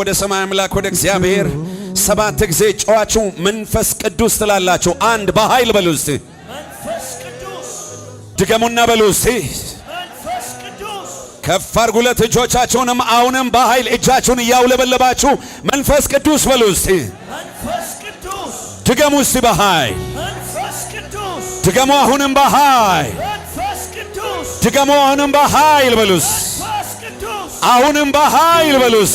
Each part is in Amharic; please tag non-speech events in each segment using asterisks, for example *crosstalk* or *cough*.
ወደ ሰማይ አምላክ ወደ እግዚአብሔር ሰባት ጊዜ ጨዋችሁ መንፈስ ቅዱስ ትላላችሁ። አንድ በኃይል በሉ እስቲ ድገሙና በሉ እስቲ ከፍ አድርጉ። ሁለት እጆቻችሁንም አሁንም በኃይል እጃችሁን እያውለበለባችሁ መንፈስ ቅዱስ በሉ እስቲ ድገሙ እስቲ በኃይል ድገሙ። አሁንም በኃይል ድገሙ። አሁንም በኃይል በሉስ አሁንም በኃይል በሉስ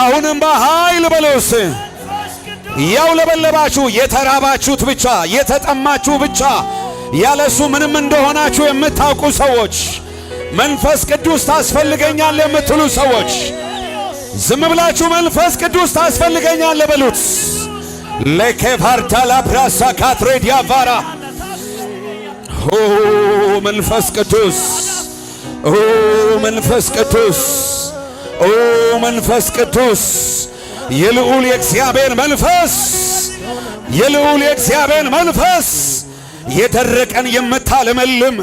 አሁንም በኃይል በለውስ ያው ለበለባችሁ የተራባችሁት ብቻ የተጠማችሁ ብቻ ያለሱ ምንም እንደሆናችሁ የምታውቁ ሰዎች መንፈስ ቅዱስ ታስፈልገኛል የምትሉ ሰዎች ዝም ብላችሁ መንፈስ ቅዱስ ታስፈልገኛል በሉት። ለኬፋርታላ ብራሳ ካትሬድ ያቫራ መንፈስ ቅዱስ መንፈስ ቅዱስ ኦ መንፈስ ቅዱስ የልዑል የእግዚአብሔር መንፈስ የልዑል የእግዚአብሔር መንፈስ የደረቀን የምታለመልም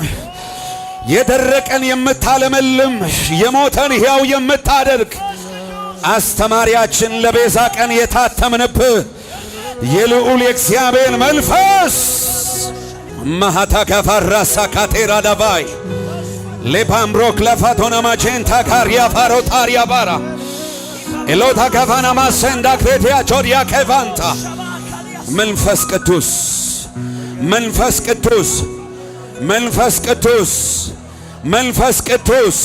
የደረቀን የምታለመልም የሞተን ሕያው የምታደርግ አስተማሪያችን ለቤዛ ቀን የታተምንብ የልዑል የእግዚአብሔር መንፈስ ማሃታ ከፋራሳ ካቴራ ዳባይ ሌፓምብሮክ ለፋቶና ማቼንታ ካሪያ ፋሮ ጣሪያ ባራ ኤሎታ ከፋና ማሰንዳ ክሬቲያ ቾዲያ ከቫንታ መንፈስ ቅዱስ መንፈስ ቅዱስ መንፈስ ቅዱስ መንፈስ ቅዱስ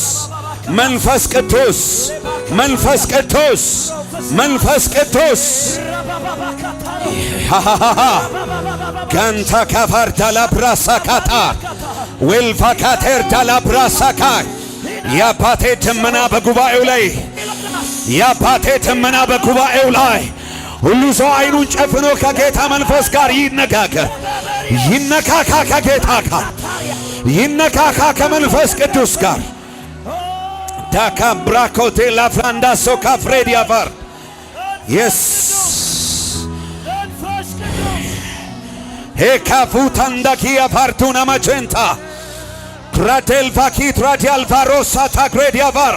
መንፈስ ቅዱስ መንፈስ ቅዱስ መንፈስ ቅዱስ ጋንታ ካፋርታ ላብራሳ ካጣር ዌልፋካቴር ዳላብራሳካ የአባቴ ደመና በጉባኤው ላይ የአባቴ ደመና በጉባኤው ላይ ሁሉ ሰው አይኑን ጨፍኖ ከጌታ መንፈስ ጋር ይነጋገር፣ ይነካካ፣ ከጌታ ጋር ይነካካ፣ ከመንፈስ ቅዱስ ጋር ዳካ ብራኮቴ ላፍራንዳሶ ካፍሬድ ያፋር የስ ሄካፉታንዳኪያ ፓርቱና ማቼንታ ግራቴልፋኪ ትራዲያልቫሮሳ ታግሬዲያቫር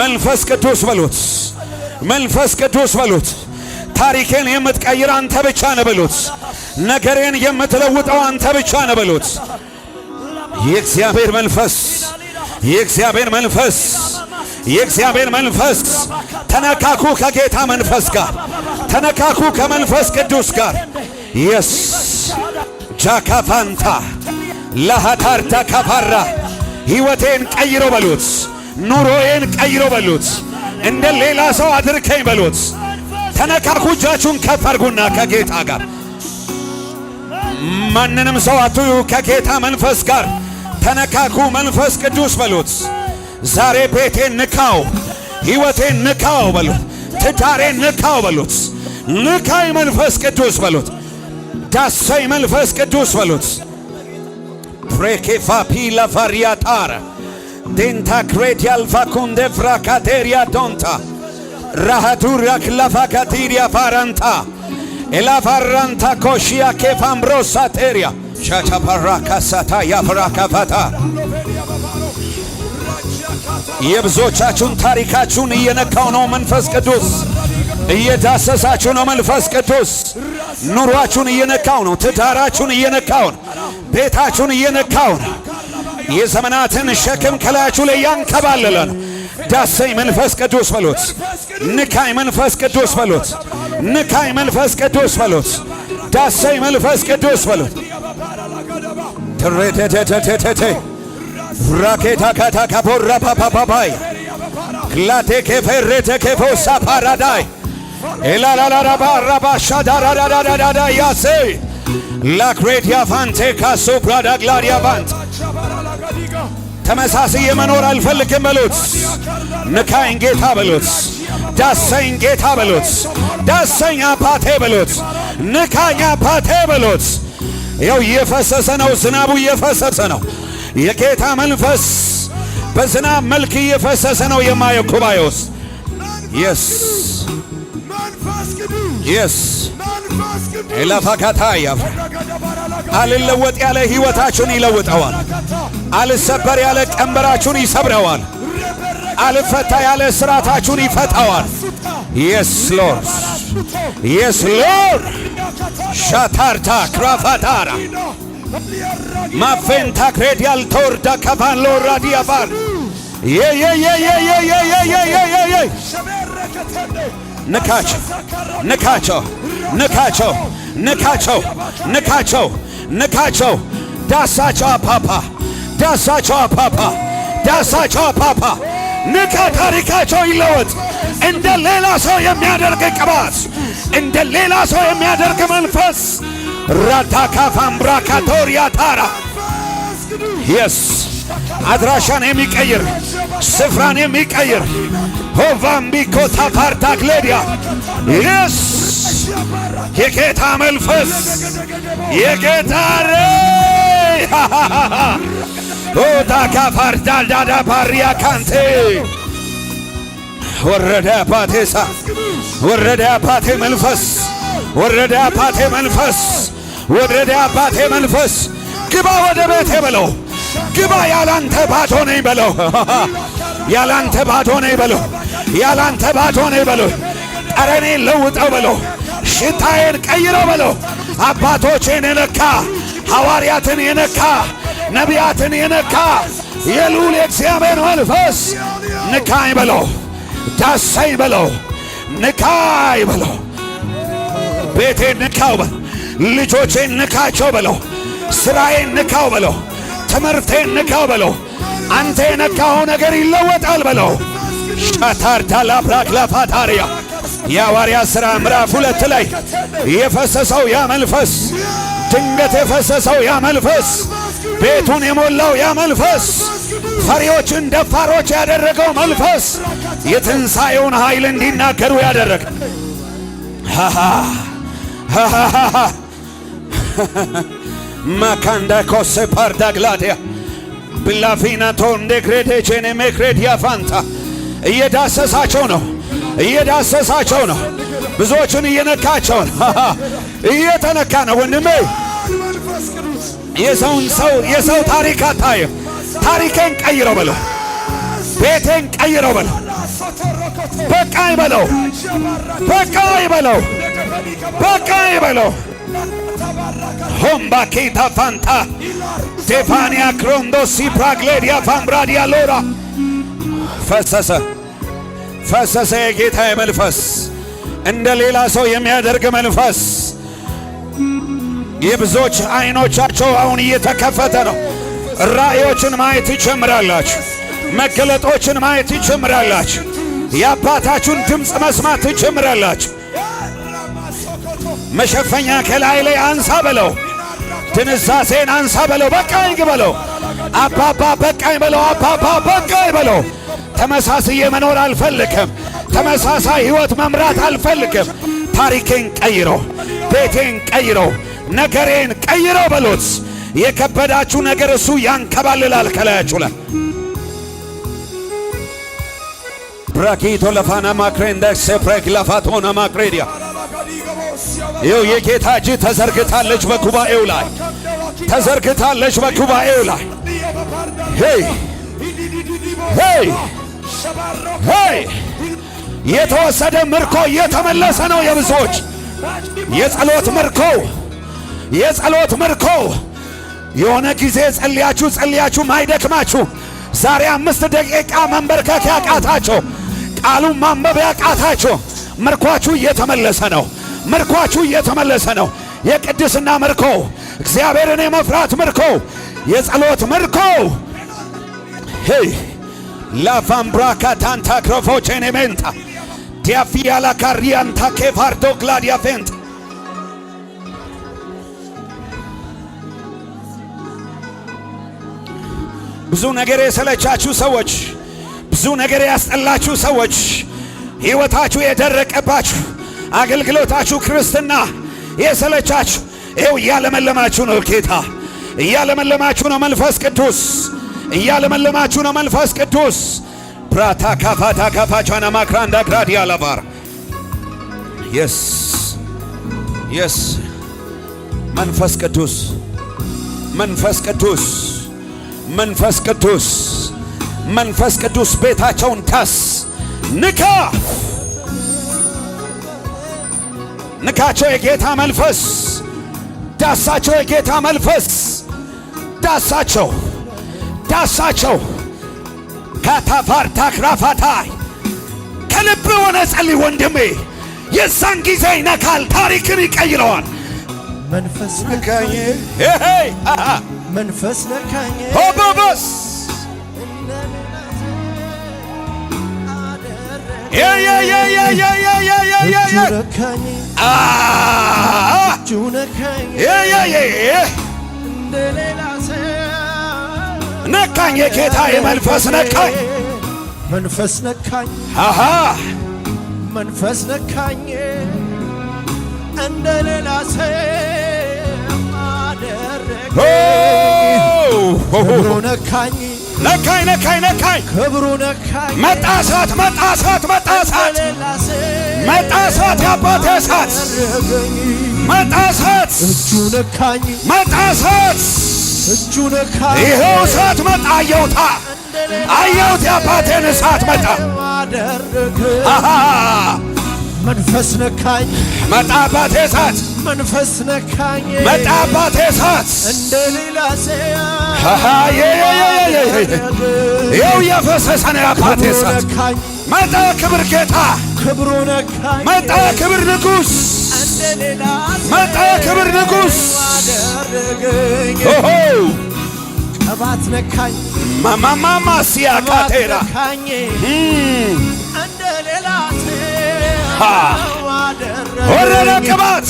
መንፈስ ቅዱስ በሉት፣ መንፈስ ቅዱስ በሉት። ታሪኬን የምትቀይር አንተ ብቻ ነህ በሉት። ነገሬን የምትለውጠው አንተ ብቻ ነህ በሉት። የእግዚአብሔር መንፈስ የእግዚአብሔር መንፈስ የእግዚአብሔር መንፈስ ተነካኩ፣ ከጌታ መንፈስ ጋር ተነካኩ፣ ከመንፈስ ቅዱስ ጋር የስ ጃካፋንታ ለሃታርታ ካፋራ ሕይወቴን ቀይሮ በሉት፣ ኑሮዬን ቀይሮ በሉት፣ እንደ ሌላ ሰው አድርከኝ በሉት። ተነካኩ። እጃችሁን ከፍ አድርጉና ከጌታ ጋር ማንንም ሰው አትዩ። ከጌታ መንፈስ ጋር ተነካኩ። መንፈስ ቅዱስ በሉት፣ ዛሬ ቤቴን ንካው፣ ሕይወቴን ንካው በሉት፣ ትዳሬን ንካው በሉት፣ ንካይ መንፈስ ቅዱስ በሉት። ዳሳይ መንፈስ ቅዱስ በሉት። ፍሬኬፋ ፒላ ቫሪያታር ዴንታ ክሬት ያልፋ ኩንደ ፍራካቴሪያ ዶንታ ራሃቱሪያ ክላፋ ካቲሪያ ፋራንታ ኤላፋራንታ ኮሺያ ኬፋምብሮሳ ቴሪያ ሻታ ፓራካ የብዙዎቻችሁን ታሪካችሁን እየነካው ነው መንፈስ ቅዱስ። እየዳሰሳችሁ ነው። መንፈስ ቅዱስ ኑሯችሁን እየነካው ነው። ትዳራችሁን እየነካው ነው። ቤታችሁን እየነካው ነው። የዘመናትን ሸክም ከላያችሁ ላይ ያንከባለለ ነው። ዳሰኝ መንፈስ ቅዱስ በሎት። ንካይ መንፈስ ቅዱስ በሎት። ንካይ መንፈስ ቅዱስ በሎት። ዳሰኝ መንፈስ ቅዱስ በሎት። ትሬቴቴቴቴቴ ራኬታ ካታ ካቦራ ፓፓፓፓይ ኬፌሬቴ ኬፎሳ ፓራዳይ ኤላላላራባራባሻዳራዳዳዳዳያሴ ላክሬድ ያፋንቴ ካሶ ፕራዳ ግላዲያ ቫንት ተመሳሳይ የመኖር አልፈልግም በሉት። ንካኝ ጌታ በሉት። ዳሰኝ ጌታ በሉት። ዳሰኝ አባቴ በሉት። ንካኝ አባቴ በሉት። ያው እየፈሰሰ ነው፣ ዝናቡ እየፈሰሰ ነው። የጌታ መንፈስ በዝናብ መልክ እየፈሰሰ ነው። የማየው ኩባኤ የስ የስ ኤላፋካታያ አልለወጥ ያለ ሕይወታችሁን ይለውጠዋል። አልሰበር ያለ ቀንበራችሁን ይሰብረዋል። አልፈታ ያለ ሥራታችሁን ይፈታዋል። የስ ሎርድ የስ ሎርድ ሻታርታ ክራፋታራ ማፌንታ ክሬድ ያልተወርዳ ከፋን ሎራዲያፋር ንካቸው፣ ንካቸው፣ ንካቸው፣ ንካቸው፣ ንካቸው፣ ንካቸው። ዳሳቸው አፓፓ፣ ዳሳቸው አፓፓ፣ ዳሳቸው አፓፓ። ንካ፣ ታሪካቸው ይለወጥ። እንደ ሌላ ሰው የሚያደርግ ቅባት፣ እንደ ሌላ ሰው የሚያደርግ መንፈስ ራታካፋምብራካቶሪያ ታራ የስ አድራሻን የሚቀይር ስፍራን የሚቀይር ሆቫምቢኮታ ክሌዲያ የስ የጌታ መንፈስ የጌታ ሬ *laughs* ኦታካ ፓርዳልዳዳ ባሪያ ካንቴ ወረደ አባቴ ሳ ወረደ አባቴ መንፈስ ወረደ አባቴ መንፈስ ወረደ አባቴ መንፈስ ግባ ወደ ቤቴ በለው ግባ *laughs* ያላንተ ባዶ ነኝ በለው። ያላንተ ባዶ ነኝ በለው። ያላንተ ባዶ ነኝ በለው። ጠረኔን ለውጠው በለው። ሽታዬን ቀይረው በለው። አባቶቼን የነካ ሐዋርያትን የነካ ነቢያትን የነካ የልዑል የእግዚአብሔር መንፈስ ንካኝ በለው። ዳሰኝ በለው። ንካይ በለው። ቤቴን ንካው በለው። ልጆቼን ንካቸው በለው። ሥራዬን ንካው በለው። ትምህርቴ ንካው በለው። አንተ የነካኸው ነገር ይለወጣል በለው። ሻታርታ ላብራክ ለፋታሪያ የሐዋርያት ሥራ ምዕራፍ ሁለት ላይ የፈሰሰው ያ መንፈስ ድንገት የፈሰሰው ያ መንፈስ ቤቱን የሞላው ያ መንፈስ ፈሪዎችን ደፋሮች ያደረገው መንፈስ የትንሣኤውን ኃይል እንዲናገሩ ያደረገ ማካንዳ ኮሴ ፓርዳ ግላዲያ ብላፊና ቶንዴ ክሬቴ ቼኔ ሜክሬት ያፋንታ እየዳሰሳቸው ነው፣ እየዳሰሳቸው ነው፣ ብዙዎቹን እየነካቸው ነው፣ እየተነካ ነው። ወንድሜ የሰውን ሰው የሰው ታሪክ አታየም። ታሪኬን ቀይረው በለው፣ ቤቴን ቀይረው በለው፣ በቃይ በለው፣ በቃይ በለው፣ በቃይ በለው ሆምባ ኬታ ፋንታ ስቴፋንያ ክሮንዶሲ ፕራግሌዲያ ፋምብራዲያ ሎራ ፈሰሰ ፈሰሰ የጌታ መንፈስ እንደ ሌላ ሰው የሚያደርግ መንፈስ። የብዙዎች አይኖቻቸው አሁን እየተከፈተ ነው። ራእዮችን ማየት ይጀምራላችሁ። መገለጦችን ማየት ይጀምራላችሁ። የአባታችሁን ድምፅ መስማት ትጀምራላችሁ መሸፈኛ ከላይ ላይ አንሳ በለው። ትንሳሴን አንሳ በለው። በቃኝ በለው። አባባ በቃኝ በለው። አባባ በቃኝ በለው። ተመሳስዬ መኖር አልፈልግም። ተመሳሳይ ሕይወት መምራት አልፈልግም። ታሪኬን ቀይሮ፣ ቤቴን ቀይሮ፣ ነገሬን ቀይሮ በሎት። የከበዳችሁ ነገር እሱ ያንከባልላል ከላያችሁ ላይ ብራኪቶ ለፋና ማክሬ እንዳሴ ፕሬግ ለፋቶና ማክሬዲያ ይው የጌታ እጅ ተዘርግታለች በጉባኤው ላይ ተዘርግታለች በጉባኤው ላይ ሄይ ሄይ ሄይ የተወሰደ ምርኮ እየተመለሰ ነው። የብዙዎች የጸሎት ምርኮ የጸሎት ምርኮ የሆነ ጊዜ ጸልያችሁ ጸልያችሁ ማይደክማችሁ ዛሬ አምስት ደቂቃ መንበርከክ ያቃታቸው ቃሉን ማንበብ ያቃታቸው ምርኳችሁ እየተመለሰ ነው። ምርኳችሁ እየተመለሰ ነው። የቅድስና ምርኮ፣ እግዚአብሔርን የመፍራት ምርኮ፣ የጸሎት ምርኮ ሄይ ላቫምብራካ ታንታ ክሮፎቼኔ ዲያፊያላ ካሪያንታ ኬፋርዶ ግላዲያ ፌንት ብዙ ነገር የሰለቻችሁ ሰዎች፣ ብዙ ነገር ያስጠላችሁ ሰዎች፣ ሕይወታችሁ የደረቀባችሁ አገልግሎታችሁ ክርስትና የሰለቻችሁ ይኸው እያለመለማችሁ ነው። ጌታ እያለመለማችሁ ነው። መንፈስ ቅዱስ እያለመለማችሁ ነው። መንፈስ ቅዱስ ብራታ ካፋታ ካፋቻና ማክራ እንዳክራድ ያለባር የስ የስ መንፈስ ቅዱስ መንፈስ ቅዱስ መንፈስ ቅዱስ መንፈስ ቅዱስ ቤታቸውን ታስ ንካ ንካቸው የጌታ መንፈስ ዳሳቸው፣ የጌታ መንፈስ ዳሳቸው፣ ዳሳቸው ካታፋርታ ክራፋታይ ከልብ ሆነ ጸልይ ወንድሜ፣ የዛን ጊዜ ይነካል፣ ታሪክን ይቀይረዋል። መንፈስ ነካኝ፣ መንፈስ ነካኝ ሆ ነካኝ የጌታ የመንፈስ ነካኝ መንፈስ ነካኝ መንፈስ ነካኝ እንደ ሌላ ሰው አደረገ ክብሩ ነካኝ ነካኝ ነካኝ ነካኝ ክብሩ ነካኝ። መጣ እሳት መጣ እሳት መጣ እሳት መጣ እሳት ያባቴ እሳት መጣ እሳት እጁ ነካኝ መጣ እሳት እጁ ነካኝ። ይኸው እሳት መጣ አየውታ አየውት ያባቴን እሳት መጣ መንፈስ ነካኝ መጣባቴ እሳት መንፈስ ነካኝ መጣባቴ እሳት እንደ ሌላ ሰያ ይኸው የፈሰሰ ነው የአባቴ እሳት መጣ ክብር ጌታ ክብሩ ነካኝ መጣ ክብር ንጉሥ መጣ ክብር ንጉሥ ኦሆ ቅባት ነካኝ ማማማሲያ ሲያካቴራ እንደ ሌላ ወረደ ቅባት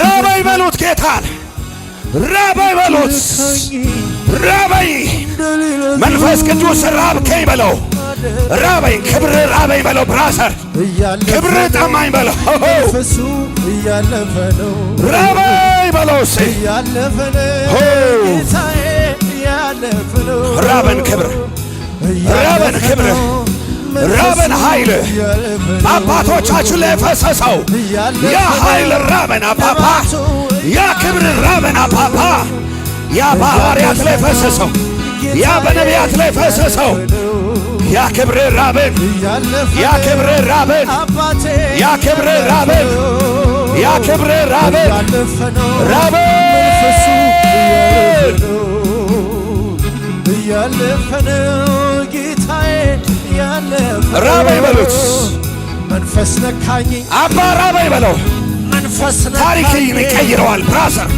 ራበይ በሉት ጌታን ራበይ በሉት ራበይ መንፈስ ቅዱስ ራብከኝ በለው ራበይ ክብር ራበይ በለው ብራሰር ክብር ጠማኝ በለው ራበይ በለው ራበን ክብር ራበን ክብር ራብን ኃይል አባቶቻችን ላይ ፈሰሰው ያ ኃይል አፓፓ ያ ክብር ራበን አፓፓ ያ በሐዋርያት ላይ ፈሰሰው ያ በነቢያት ላይ ፈሰሰው ያ ክብር ራበን ያ ክብር ራበን ያ ክብር ራበን ያ ክብር ራበን ራበን እያለፈነው ራበይ በሉት። መንፈስ ነካኝ አባ ራበይ በለው። ታሪክ ይቀይረዋል። ብራዘር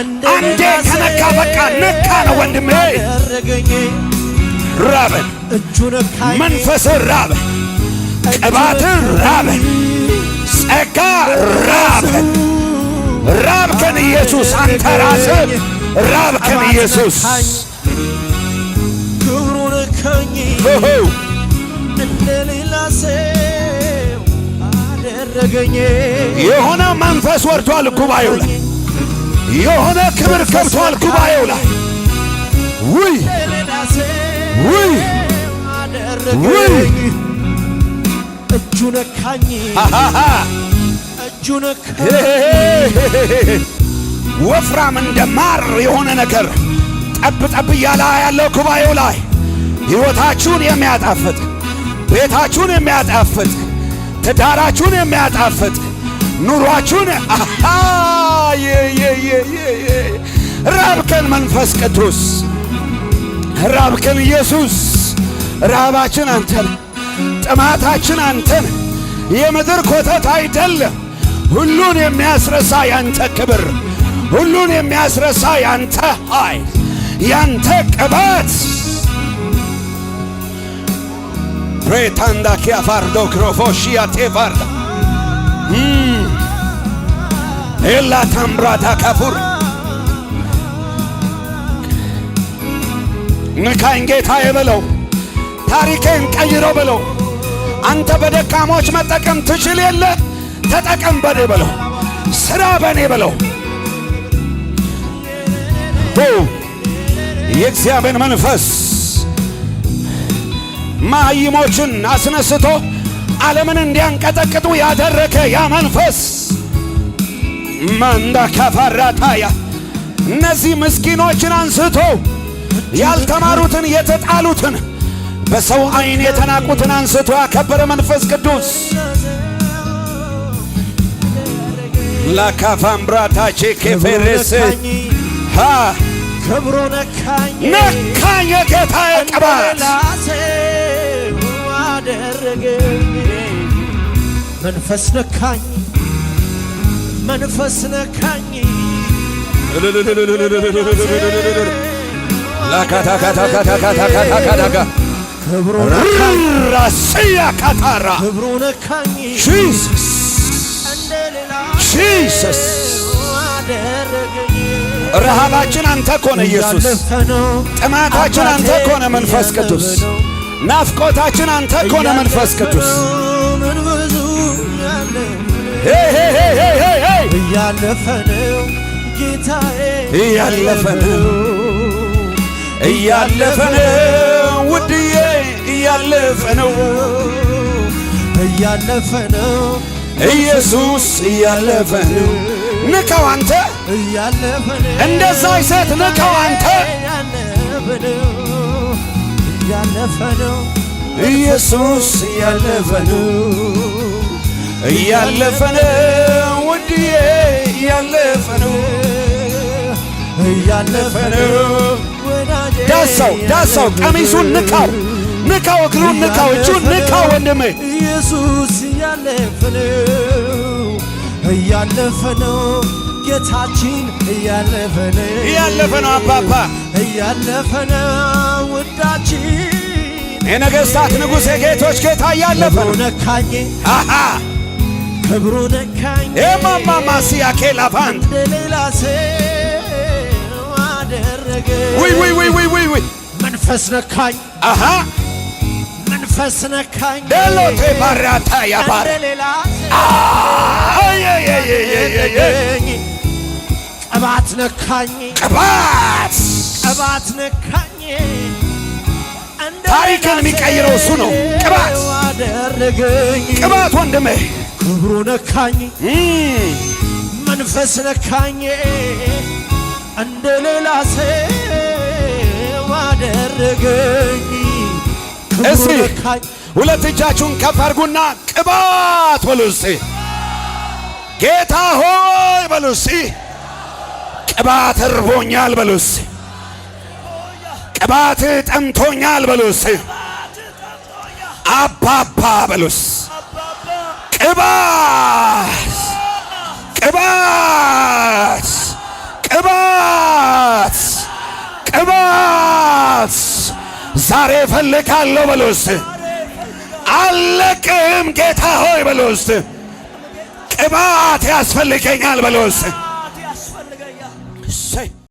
አንዴ ከነካ በቃ ነካ ነው ወንድሜ። ራበን፣ መንፈስ ራበን፣ ቅባትን ራበን፣ ጸጋ ራበን። ራብከን ኢየሱስ፣ አንተ ራስህ ራብከን ኢየሱስ የሆነ መንፈስ ወርዷል ጉባኤው ላይ፣ የሆነ ክብር ገብቷል ጉባኤው ላይ። ውይ ውይ ውይ! እጁ ነካኝ፣ እጁ ነካኝ። ወፍራም እንደ ማር የሆነ ነገር ጠብ ጠብ እያለ ያለው ጉባኤው ላይ ሕይወታችሁን የሚያጣፍጥ ቤታችሁን የሚያጣፍጥ ትዳራችሁን የሚያጣፍጥ ኑሯችሁን ራብከን መንፈስ ቅዱስ ራብከን ኢየሱስ። ራባችን አንተን፣ ጥማታችን አንተን፣ የምድር ኮተት አይደለም። ሁሉን የሚያስረሳ ያንተ ክብር፣ ሁሉን የሚያስረሳ ያንተ ኃይል፣ ያንተ ቅባ ፍሬታንዳ ኪያቫርዶ ክሮቮሺያ ቴቫርዳ ኤላ ታምራዳ ካፉር ንካኝ ጌታዬ በለው፣ ታሪኬን ቀይሮ በለው። አንተ በደካሞች መጠቀም ትችል የለ ተጠቀም በኔ በለው፣ ሥራ በኔ በለው። የእግዚአብሔር መንፈስ ማይሞችን አስነስቶ ዓለምን እንዲያንቀጠቅጡ ያደረገ ያ መንፈስ ማንዳ ካፋራታያ እነዚህ ምስኪኖችን አንስቶ ያልተማሩትን የተጣሉትን በሰው ዓይን የተናቁትን አንስቶ ያከበረ መንፈስ ቅዱስ ላካፋምብራታቼ ኬፌሬሴ ነካኝ የጌታዬ ቅባት አደረገ መንፈስ ነካኝ መንፈስ ነካኝ ራስያ ካታራ ክብሩ ነካኝ ጂሰስ ጂሰስ ረሃባችን አንተ ኮነ ኢየሱስ ጥማታችን አንተ ኮነ መንፈስ ቅዱስ ናፍቆታችን አንተ ከሆነ መንፈስ ቅዱስ እያለፈነው ጌታዬ እያለፈነው እያለፈነው ውድዬ እያለፈነው እያለፈነው ኢየሱስ እያለፈነው ንከው አንተ እንደዛ ይሰት ንከው አንተ ያለፈ ነው ኢየሱስ ያለፈ ነው እያለፈ ነው ውድዬ እያለፈ ነው እያለፈ ነው ዳሳው ዳሳው ቀሚሱን ንካው ንካው እግሩን ንካው እጁን ንካው ወንድሜ ኢየሱስ እያለፈ ነው እያለፈ ነው ጌታችን እያለፈ ነው እያለፈ ነው አባባ እያለፈ ነው ውዳችን የነገሥታት ንጉሥ የጌቶች ጌታ እያለፈ ነው። ነካኝ ክብሩ ነካኝ የማማማስያ ኬላፋንት ሌላ ሰው አደረገ ውይ መንፈስ ነካኝ መንፈስ ነካኝ ደሎቴ ባራታ ያባር ሌላ ቅባት ነካኝ ቅባት ቅባት ነካኝ። ታሪክን የሚቀይረው እሱ ነው። ቅባት አደረገኝ ቅባት ወንድሜ ክብሩ ነካኝ መንፈስ ነካኝ እንደ ሌላ ሰው አደረገኝ። እስቲ ሁለት እጃችሁን ከፍ አድርጉና ቅባት በሉ እስቲ ጌታ ሆይ በሉ እስቲ ቅባት እርቦኛል በሉስ። ቅባት ጠምቶኛል በሉስ። አባባ በሉስ። ቅባት ቅባት ቅባት ቅባት ዛሬ እፈልጋለሁ በሉስ። አለቅህም ጌታ ሆይ በሎስ ቅባት ያስፈልገኛል በሉስ።